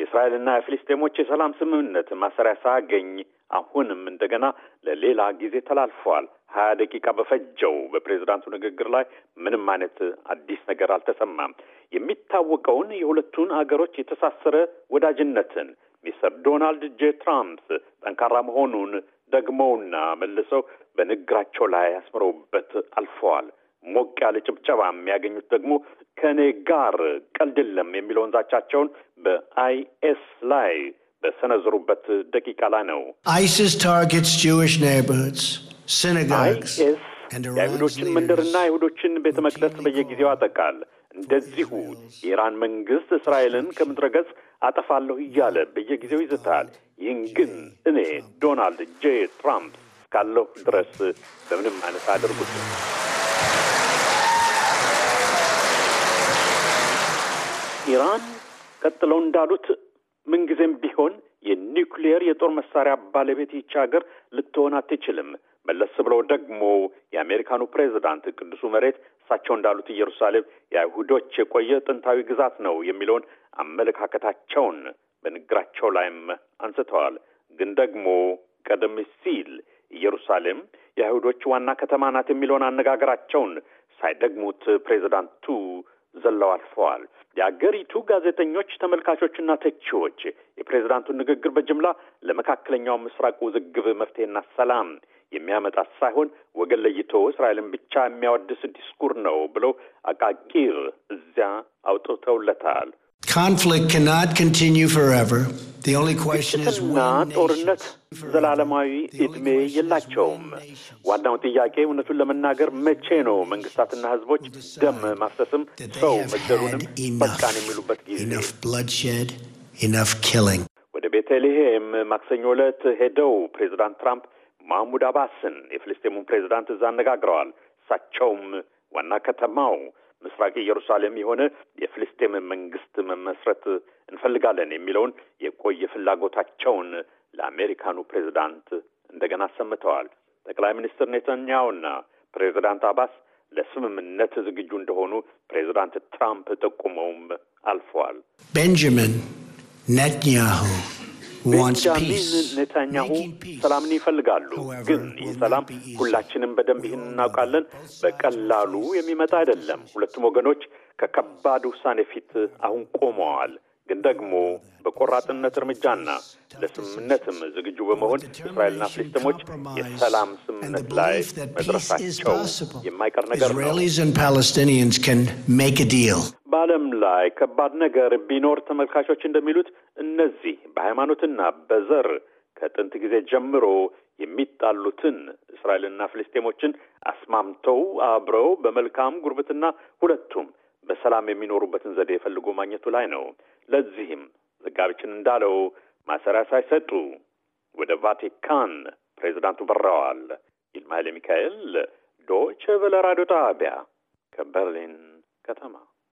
የእስራኤልና የፍልስጤሞች የሰላም ስምምነት ማሰሪያ ሳያገኝ አሁንም እንደገና ለሌላ ጊዜ ተላልፏል። ሀያ ደቂቃ በፈጀው በፕሬዝዳንቱ ንግግር ላይ ምንም አይነት አዲስ ነገር አልተሰማም። የሚታወቀውን የሁለቱን አገሮች የተሳሰረ ወዳጅነትን ሚስተር ዶናልድ ጄ ትራምፕ ጠንካራ መሆኑን ደግመውና መልሰው በንግግራቸው ላይ አስምረውበት አልፈዋል። ሞቅ ያለ ጭብጨባ የሚያገኙት ደግሞ ከኔ ጋር ቀልድለም የሚለውን ዛቻቸውን በአይኤስ ላይ በሰነዘሩበት ደቂቃ ላይ ነው። አይሲስ ታርጌትስ ጂዊሽ ኔይበርሁድስ ሲናጎግስ የአይሁዶችን መንደርና አይሁዶችን ቤተ መቅደስ በየጊዜው አጠቃል። እንደዚሁ የኢራን መንግስት እስራኤልን ከምድረ ገጽ አጠፋለሁ እያለ በየጊዜው ይዝታል። ይህን ግን እኔ ዶናልድ ጄ ትራምፕ እስካለሁ ድረስ በምንም አይነት አያደርጉትም። ኢራን ቀጥለው እንዳሉት ምንጊዜም ቢሆን የኒውክሌር የጦር መሳሪያ ባለቤት ይቺ ሀገር ልትሆን አትችልም። መለስ ብለው ደግሞ የአሜሪካኑ ፕሬዚዳንት ቅዱሱ መሬት እሳቸው እንዳሉት ኢየሩሳሌም የአይሁዶች የቆየ ጥንታዊ ግዛት ነው የሚለውን አመለካከታቸውን በንግግራቸው ላይም አንስተዋል። ግን ደግሞ ቀደም ሲል ኢየሩሳሌም የአይሁዶች ዋና ከተማ ናት የሚለውን አነጋገራቸውን ሳይደግሙት ፕሬዚዳንቱ ዘለው አልፈዋል። የአገሪቱ ጋዜጠኞች፣ ተመልካቾችና ተቺዎች የፕሬዝዳንቱን ንግግር በጅምላ ለመካከለኛው ምስራቅ ውዝግብ መፍትሄና ሰላም የሚያመጣ ሳይሆን ወገን ለይቶ እስራኤልን ብቻ የሚያወድስ ዲስኩር ነው ብለው አቃቂር እዚያ አውጥተውለታል። Conflict cannot continue ግጭትና ጦርነት ዘላለማዊ እድሜ የላቸውም። ዋናው ጥያቄ እውነቱን ለመናገር መቼ ነው መንግስታትና ህዝቦች ደም ማፍሰስም ሰው መግደሉንም በቃን የሚሉበት ጊዜ። ወደ ቤተልሔም ማክሰኞ ዕለት ሄደው ፕሬዚዳንት ትራምፕ ማህሙድ አባስን የፍልስጤሙን ፕሬዚዳንት እዛ አነጋግረዋል። እሳቸውም ዋና ከተማው ምስራቅ ኢየሩሳሌም የሆነ የፍልስጤም መንግስት መመስረት እንፈልጋለን የሚለውን እንዲቆይ ፍላጎታቸውን ለአሜሪካኑ ፕሬዝዳንት እንደገና አሰምተዋል። ጠቅላይ ሚኒስትር ኔታንያሁና ፕሬዝዳንት አባስ ለስምምነት ዝግጁ እንደሆኑ ፕሬዝዳንት ትራምፕ ጠቁመውም አልፈዋል። ቤንጃሚን ኔታንያሁ ቤንጃሚን ኔታንያሁ ሰላምን ይፈልጋሉ። ግን ይህ ሰላም ሁላችንም በደንብ ይህን እናውቃለን፣ በቀላሉ የሚመጣ አይደለም። ሁለቱም ወገኖች ከከባድ ውሳኔ ፊት አሁን ቆመዋል። ግን ደግሞ በቆራጥነት እርምጃና ለስምምነትም ዝግጁ በመሆን እስራኤልና ፍልስጤሞች የሰላም ስምምነት ላይ መድረሳቸው የማይቀር ነገር ነው። በዓለም ላይ ከባድ ነገር ቢኖር ተመልካቾች እንደሚሉት እነዚህ በሃይማኖትና በዘር ከጥንት ጊዜ ጀምሮ የሚጣሉትን እስራኤልና ፍልስጤሞችን አስማምተው አብረው በመልካም ጉርብትና ሁለቱም በሰላም የሚኖሩበትን ዘዴ ፈልጎ ማግኘቱ ላይ ነው። ለዚህም ዘጋቢችን እንዳለው ማሰሪያ ሳይሰጡ ወደ ቫቲካን ፕሬዚዳንቱ በረዋል። ይልማ ኃይለ ሚካኤል ዶቼ ራዲዮ ጣቢያ ከበርሊን ከተማ